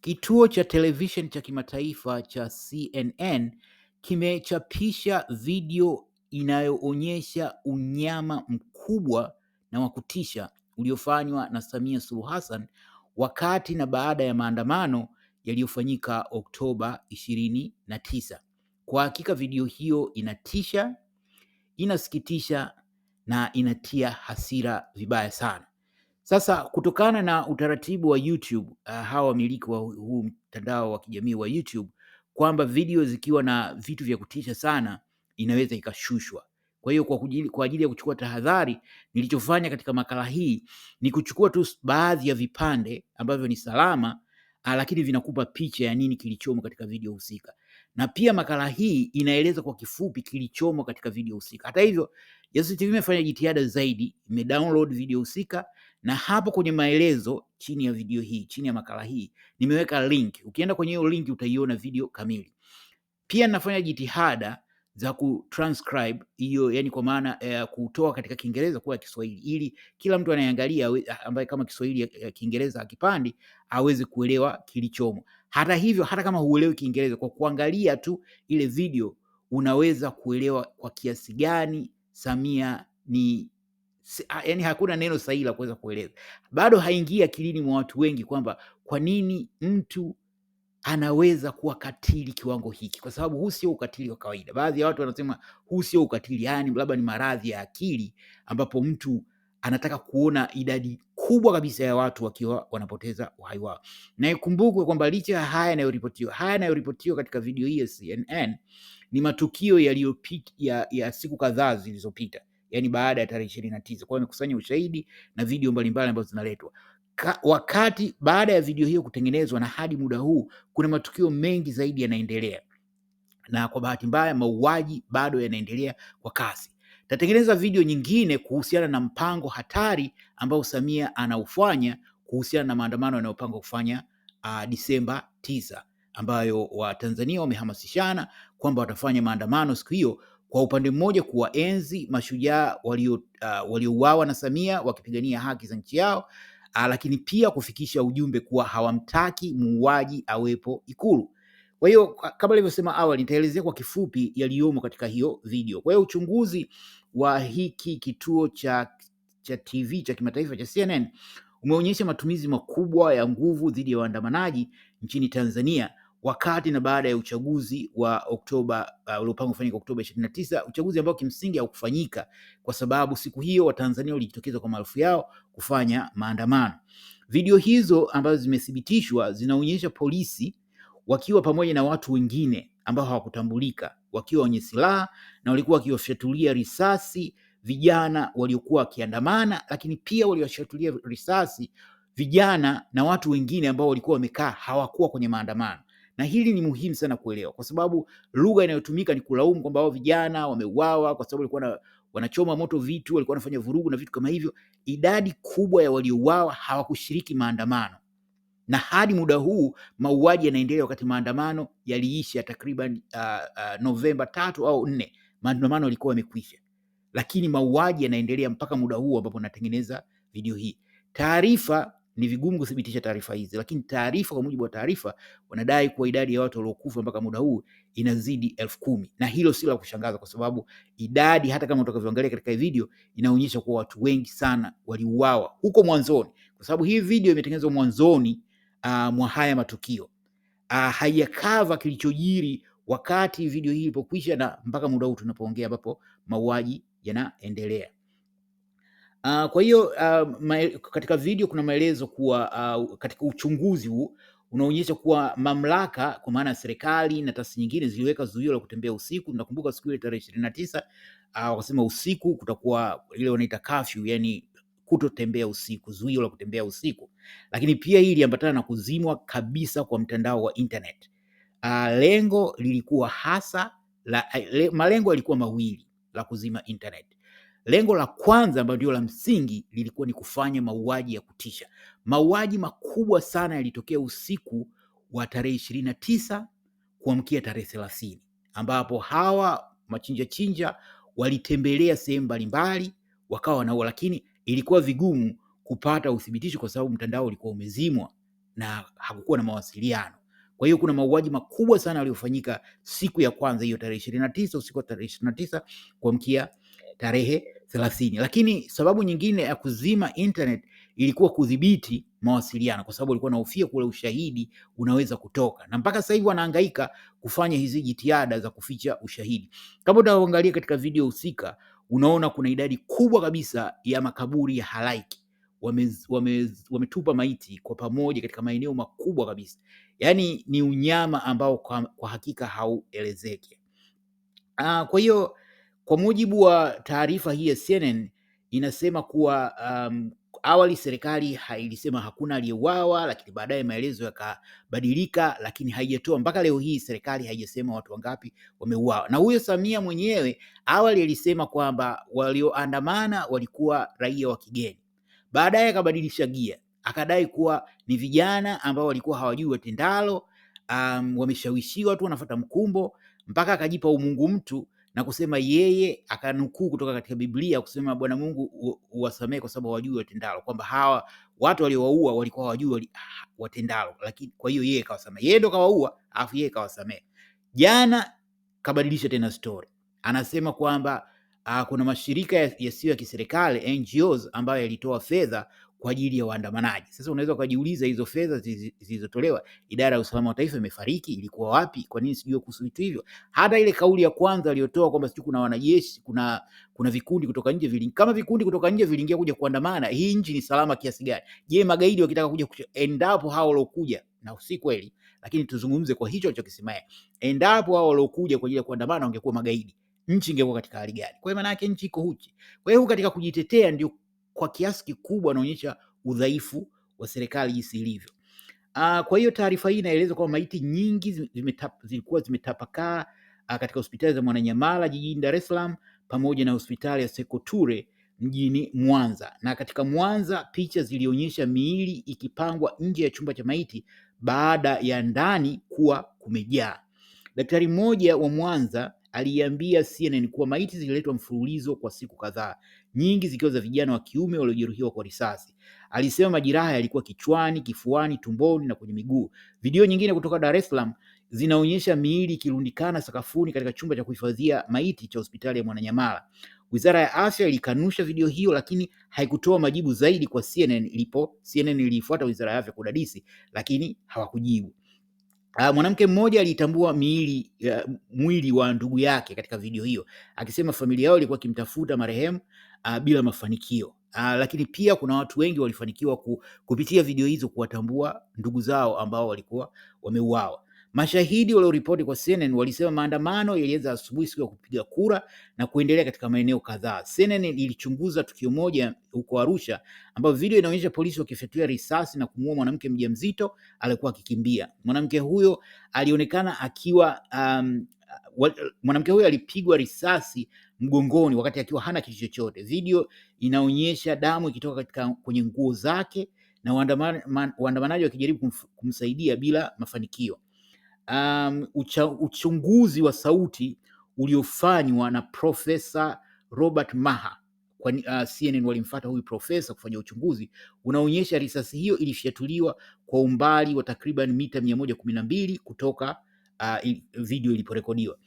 Kituo cha televisheni cha kimataifa cha CNN kimechapisha video inayoonyesha unyama mkubwa na wa kutisha uliofanywa na Samia Suluhu Hassan wakati na baada ya maandamano yaliyofanyika Oktoba ishirini na tisa. Kwa hakika video hiyo inatisha, inasikitisha na inatia hasira vibaya sana. Sasa kutokana na utaratibu wa YouTube uh, hawa wamiliki wa huu mtandao wa kijamii wa YouTube kwamba video zikiwa na vitu vya kutisha sana inaweza ikashushwa. Kwa hiyo kwa, kwa ajili ya kuchukua tahadhari, nilichofanya katika makala hii ni kuchukua tu baadhi ya vipande ambavyo ni salama, ah, lakini vinakupa picha ya nini kilichomo katika video husika na pia makala hii inaeleza kwa kifupi kilichomo katika video husika. Hata hivyo, Jasusi TV imefanya jitihada zaidi, imedownload video husika na hapo kwenye maelezo chini ya video hii, chini ya makala hii nimeweka link. Ukienda kwenye hiyo link utaiona video kamili. Pia nafanya jitihada za kutranscribe hiyo, yani kwa maana eh, kutoa katika Kiingereza kuwa Kiswahili ili kila mtu anayeangalia ambaye kama Kiswahili ya Kiingereza akipandi aweze kuelewa kilichomo. Hata hivyo, hata kama huelewi Kiingereza, kwa kuangalia tu ile video unaweza kuelewa kwa kiasi gani Samia ni yaani hakuna neno sahihi la kuweza kueleza. Bado haingia akilini mwa watu wengi kwamba kwa nini mtu anaweza kuwa katili kiwango hiki, kwa sababu huu sio ukatili wa kawaida. Baadhi ya watu wanasema huu sio ukatili, yaani labda ni maradhi ya akili ambapo mtu anataka kuona idadi kubwa kabisa ya watu wakiwa wanapoteza uhai wao, na ikumbukwe kwamba licha ya haya yanayoripotiwa haya yanayoripotiwa katika video hii ya CNN ni matukio yaliyopita ya, ya siku kadhaa zilizopita, yani baada ya tarehe ishirini na tisa. Kwa hiyo amekusanya ushahidi na video mbalimbali ambazo zinaletwa wakati baada ya video hiyo kutengenezwa na hadi muda huu, kuna matukio mengi zaidi yanaendelea, na kwa bahati mbaya mauaji bado yanaendelea kwa kasi. Tatengeneza video nyingine kuhusiana na mpango hatari ambao Samia anaufanya kuhusiana na maandamano yanayopangwa kufanya uh, Disemba tisa ambayo Watanzania wamehamasishana kwamba watafanya maandamano siku hiyo, kwa upande mmoja kuwaenzi mashujaa ah, waliouawa uh, walio na Samia wakipigania haki za nchi yao uh, lakini pia kufikisha ujumbe kuwa hawamtaki muuaji awepo Ikulu. Kwa hiyo kama nilivyosema awali, nitaelezea kwa kifupi yaliyomo katika hiyo video. Kwa hiyo uchunguzi wa hiki kituo cha, cha TV cha kimataifa cha CNN umeonyesha matumizi makubwa ya nguvu dhidi ya waandamanaji nchini Tanzania wakati na baada ya uchaguzi wa Oktoba uh, uliopangwa kufanyika Oktoba 29, uchaguzi ambao kimsingi haukufanyika kwa sababu siku hiyo Watanzania walijitokeza kwa maelfu yao kufanya maandamano. Video hizo ambazo zimethibitishwa zinaonyesha polisi wakiwa pamoja na watu wengine ambao hawakutambulika, wakiwa wenye silaha na walikuwa wakiwafyatulia risasi vijana waliokuwa wakiandamana, lakini pia waliwashatulia risasi vijana na watu wengine ambao walikuwa wamekaa hawakuwa kwenye maandamano. Na hili ni muhimu sana kuelewa, kwa sababu lugha inayotumika ni kulaumu kwamba hao vijana wameuawa kwa sababu walikuwa wanachoma moto vitu, walikuwa wanafanya vurugu na vitu kama hivyo. Idadi kubwa ya waliouawa hawakushiriki maandamano, na hadi muda huu mauaji yanaendelea, wakati maandamano yaliisha takriban uh, uh, Novemba tatu au nne, maandamano yalikuwa yamekwisha, lakini mauaji yanaendelea mpaka muda huu ambapo natengeneza video hii. Taarifa ni vigumu kuthibitisha taarifa hizi, lakini taarifa, kwa mujibu wa taarifa, wanadai kuwa idadi ya watu waliokufa mpaka muda huu inazidi elfu kumi na hilo si la kushangaza, kwa sababu idadi, hata kama utakavyoangalia katika video, inaonyesha kuwa watu wengi sana waliuawa huko mwanzoni, kwa sababu hii video imetengenezwa mwanzoni uh, mwa haya matukio uh, ah, haiyakava kilichojiri wakati video hii ilipokwisha na mpaka muda huu tunapoongea ambapo mauaji yanaendelea. Uh, kwa hiyo uh, katika video kuna maelezo kuwa uh, katika uchunguzi huu unaonyesha kuwa mamlaka kwa maana ya serikali na taasisi nyingine ziliweka zuio la kutembea usiku. Nakumbuka siku ile tarehe ishirini na tisa uh, wakasema usiku kutakuwa ile wanaita kafyu, yani kutotembea usiku, zuio la kutembea usiku, lakini pia hii iliambatana na kuzimwa kabisa kwa mtandao wa internet. Uh, lengo lilikuwa hasa la, eh, le, malengo yalikuwa mawili la kuzima internet. Lengo la kwanza ambalo ndio la msingi lilikuwa ni kufanya mauaji ya kutisha. Mauaji makubwa sana yalitokea usiku wa tarehe ishirini na tisa kuamkia tarehe thelathini ambapo hawa machinja chinja walitembelea sehemu mbalimbali wakawa wanaua, lakini ilikuwa vigumu kupata uthibitisho kwa sababu mtandao ulikuwa umezimwa na hakukuwa na mawasiliano. Kwa hiyo kuna mauaji makubwa sana yaliyofanyika siku ya kwanza hiyo tarehe ishirini na tisa usiku wa tarehe ishirini na tisa kuamkia tarehe thelathini. Lakini sababu nyingine ya kuzima internet ilikuwa kudhibiti mawasiliano, kwa sababu walikuwa nahofia kule ushahidi unaweza kutoka, na mpaka sasa hivi wanahangaika kufanya hizi jitihada za kuficha ushahidi. Kama utaangalia katika video husika, unaona kuna idadi kubwa kabisa ya makaburi ya halaiki wametupa wame, wame maiti kwa pamoja katika maeneo makubwa kabisa. Yaani ni unyama ambao kwa, kwa hakika hauelezeki. Ah, kwa hiyo kwa mujibu wa taarifa hii ya CNN inasema kuwa um, Awali serikali hailisema hakuna aliyeuawa, lakini baadaye maelezo yakabadilika, lakini haijatoa mpaka leo hii serikali haijasema watu wangapi wameuawa. Na huyo Samia mwenyewe awali alisema kwamba walioandamana walikuwa raia wa kigeni, baadaye akabadilisha gia, akadai kuwa ni vijana ambao walikuwa hawajui watendalo, um, wameshawishiwa tu wanafuata mkumbo, mpaka akajipa umungu mtu na kusema yeye akanukuu kutoka katika Biblia kusema Bwana Mungu uwasamehe kwa sababu hawajui watendalo, kwamba hawa watu waliowaua walikuwa hawajui watendalo, lakini kwa hiyo yeye kawasamehe. Yeye ndo kawaua, afu yeye kawasamehe. Jana kabadilisha tena story, anasema kwamba ah, kuna mashirika yasiyo ya kiserikali NGOs ambayo yalitoa fedha kwa ajili ya waandamanaji. Sasa unaweza ukajiuliza hizo fedha zilizotolewa, idara ya usalama wa taifa imefariki? Ilikuwa wapi? Kwa nini sijui kuhusu vitu hivyo? Hata ile kauli ya kwanza aliyotoa kwamba sijui kuna wanajeshi, kuna kuna vikundi kutoka nje vili, kama vikundi kutoka nje viliingia kuja kuandamana, hii nchi ni salama kiasi gani? Je, magaidi wakitaka kuja, endapo hao waliokuja na si kweli, lakini tuzungumze kwa hicho alichokisema, endapo hao waliokuja kwa ajili ya kuandamana wangekuwa magaidi, nchi ingekuwa katika hali gani? Kwa maana yake nchi iko uchi. Kwa hiyo katika kujitetea ndio kwa kiasi kikubwa anaonyesha udhaifu wa serikali jinsi ilivyo. Uh, kwa hiyo taarifa hii inaeleza kwamba maiti nyingi zilikuwa zimetapakaa uh, katika hospitali za Mwananyamala jijini Dar es Salaam pamoja na hospitali ya Sekoture mjini Mwanza. Na katika Mwanza picha zilionyesha miili ikipangwa nje ya chumba cha maiti baada ya ndani kuwa kumejaa. Daktari mmoja wa Mwanza aliambia CNN kuwa maiti zililetwa mfululizo kwa siku kadhaa, nyingi zikiwa za vijana wa kiume waliojeruhiwa kwa risasi. Alisema majeraha yalikuwa kichwani, kifuani, tumboni na kwenye miguu. Video nyingine kutoka Dar es Salaam zinaonyesha miili ikirundikana sakafuni katika chumba cha kuhifadhia maiti cha hospitali ya Mwananyamala. Wizara ya Afya ilikanusha video hiyo, lakini haikutoa majibu zaidi kwa CNN. Ilipo CNN iliifuata Wizara ya Afya kudadisi, lakini hawakujibu. Uh, mwanamke mmoja alitambua miili uh, mwili wa ndugu yake katika video hiyo akisema familia yao ilikuwa akimtafuta marehemu uh, bila mafanikio uh, lakini pia kuna watu wengi walifanikiwa ku, kupitia video hizo kuwatambua ndugu zao ambao walikuwa wameuawa. Mashahidi walioripoti kwa CNN walisema maandamano yalianza asubuhi siku ya kupiga kura na kuendelea katika maeneo kadhaa. CNN ilichunguza tukio moja huko Arusha ambapo video inaonyesha polisi wakifyatulia risasi na kumuua mwanamke mjamzito aliyekuwa akikimbia. Mwanamke huyo alionekana akiwa um, mwanamke huyo alipigwa risasi mgongoni wakati akiwa hana kitu chochote. Video inaonyesha damu ikitoka katika kwenye nguo zake na waandamanaji wakijaribu kumsaidia bila mafanikio um, ucha, uchunguzi wa sauti uliofanywa na Profesa Robert Maher kwa uh, CNN walimfuata huyu profesa kufanya uchunguzi unaonyesha risasi hiyo ilifyatuliwa kwa umbali wa takriban mita mia moja kumi na mbili kutoka uh, video iliporekodiwa.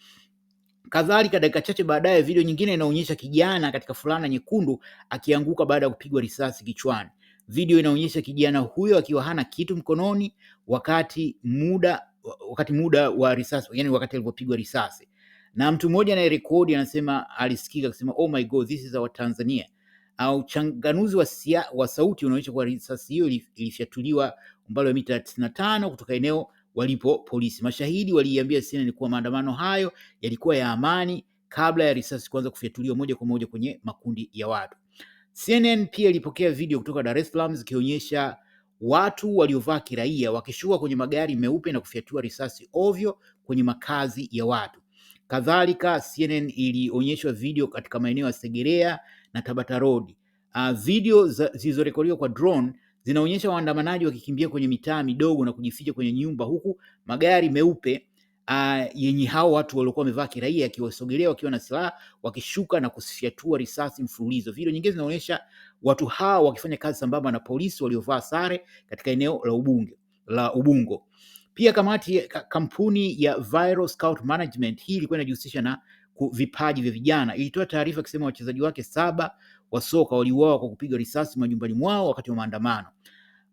Kadhalika, dakika chache baadaye, video nyingine inaonyesha kijana katika fulana nyekundu akianguka baada ya kupigwa risasi kichwani. Video inaonyesha kijana huyo akiwa hana kitu mkononi, wakati muda wakati muda wa risasi, yani wakati alipopigwa risasi. Na mtu mmoja rekodi anasema alisikika akisema, oh my god this is our Tanzania. Au changanuzi wa, wa sauti unaonyesha kuwa risasi hiyo ilifyatuliwa umbali wa mita 95 kutoka eneo walipo polisi. Mashahidi waliiambia CNN kuwa maandamano hayo yalikuwa ya amani kabla ya risasi kuanza kufyatuliwa moja kwa moja kwenye makundi ya watu. CNN pia ilipokea video kutoka Dar es Salaam zikionyesha watu waliovaa kiraia wakishuka kwenye magari meupe na kufyatua risasi ovyo kwenye makazi ya watu. Kadhalika, CNN ilionyeshwa video katika maeneo ya Segerea na Tabata Road. Uh, video zilizorekodiwa kwa drone zinaonyesha waandamanaji wakikimbia kwenye mitaa midogo na kujificha kwenye nyumba, huku magari meupe uh, yenye hao watu waliokuwa wamevaa kiraia akiwasogelea wakiwa na silaha wakishuka na kusifyatua risasi mfululizo. Video nyingine zinaonyesha watu hao wakifanya kazi sambamba na polisi waliovaa sare katika eneo la Ubunge, la Ubungo. Pia kamati kampuni ya Viral Scout Management hii ilikuwa inajihusisha na vipaji vya vijana, ilitoa taarifa ikisema wachezaji wake saba wa soka waliuawa kwa kupigwa risasi majumbani mwao wakati wa maandamano.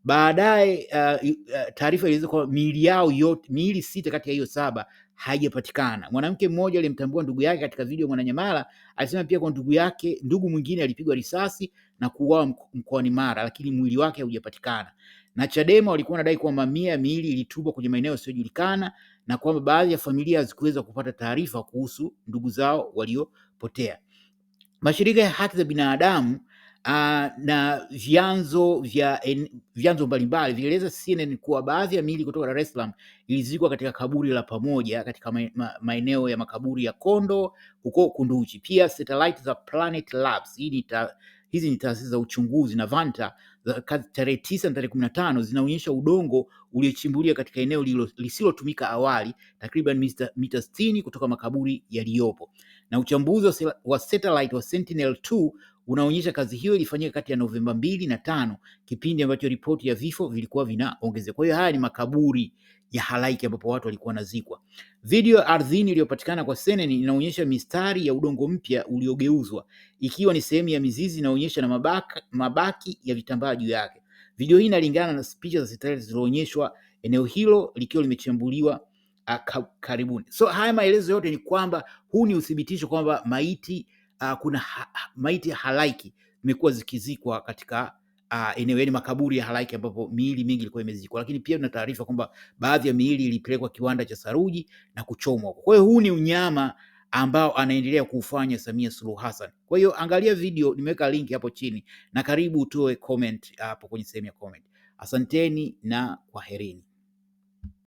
Baadaye uh, uh taarifa ilieleza kwa miili yao yote, miili sita kati ya hiyo saba haijapatikana. Mwanamke mmoja alimtambua ndugu yake katika video Mwananyamala alisema pia kwa ndugu yake, ndugu mwingine alipigwa risasi na kuuawa mkoani Mara, lakini mwili wake haujapatikana. Na Chadema walikuwa wanadai kwa mamia ya miili ilitupwa kwenye maeneo yasiyojulikana na kwamba baadhi ya familia hazikuweza kupata taarifa kuhusu ndugu zao waliopotea. Mashirika ya haki za binadamu Ah, na vyanzo vya vyanzo mbalimbali vieleza CNN kuwa baadhi ya miili kutoka Dar es Salaam ilizikwa katika kaburi la pamoja katika maeneo ya makaburi ya Kondo huko Kunduchi. Pia satellite za Planet Labs, hii ni ta, hizi ni taasisi za uchunguzi na Vanta tarehe tisa na tarehe kumi na tano zinaonyesha udongo uliochimbulia katika eneo lisilotumika awali takriban mita sitini kutoka makaburi yaliyopo, na uchambuzi wa satellite wa sentinel unaonyesha kazi hiyo ilifanyika kati ya Novemba mbili na tano, kipindi ambacho ripoti ya vifo vilikuwa vinaongezeka. Kwa hiyo haya ni makaburi ya halaiki ambapo watu walikuwa nazikwa Video ardhini iliyopatikana kwa CNN inaonyesha mistari ya udongo mpya uliogeuzwa ikiwa ni sehemu ya mizizi, inaonyesha na mabaki, mabaki ya vitambaa juu yake. Video hii inalingana na picha za satellite zilizoonyeshwa eneo hilo likiwa limechambuliwa ah, karibuni. So haya maelezo yote ni kwamba huu ni uthibitisho kwamba maiti uh, kuna ha maiti ya halaiki zimekuwa zikizikwa katika uh, eneo yani makaburi ya halaiki ambapo miili mingi ilikuwa imezikwa, lakini pia tuna taarifa kwamba baadhi ya miili ilipelekwa kiwanda cha saruji na kuchomwa. Kwa hiyo huu ni unyama ambao anaendelea kuufanya Samia Suluhu Hassan. Kwa hiyo angalia video, nimeweka linki hapo chini na karibu utoe comment hapo kwenye sehemu ya comment. Asanteni na kwaherini.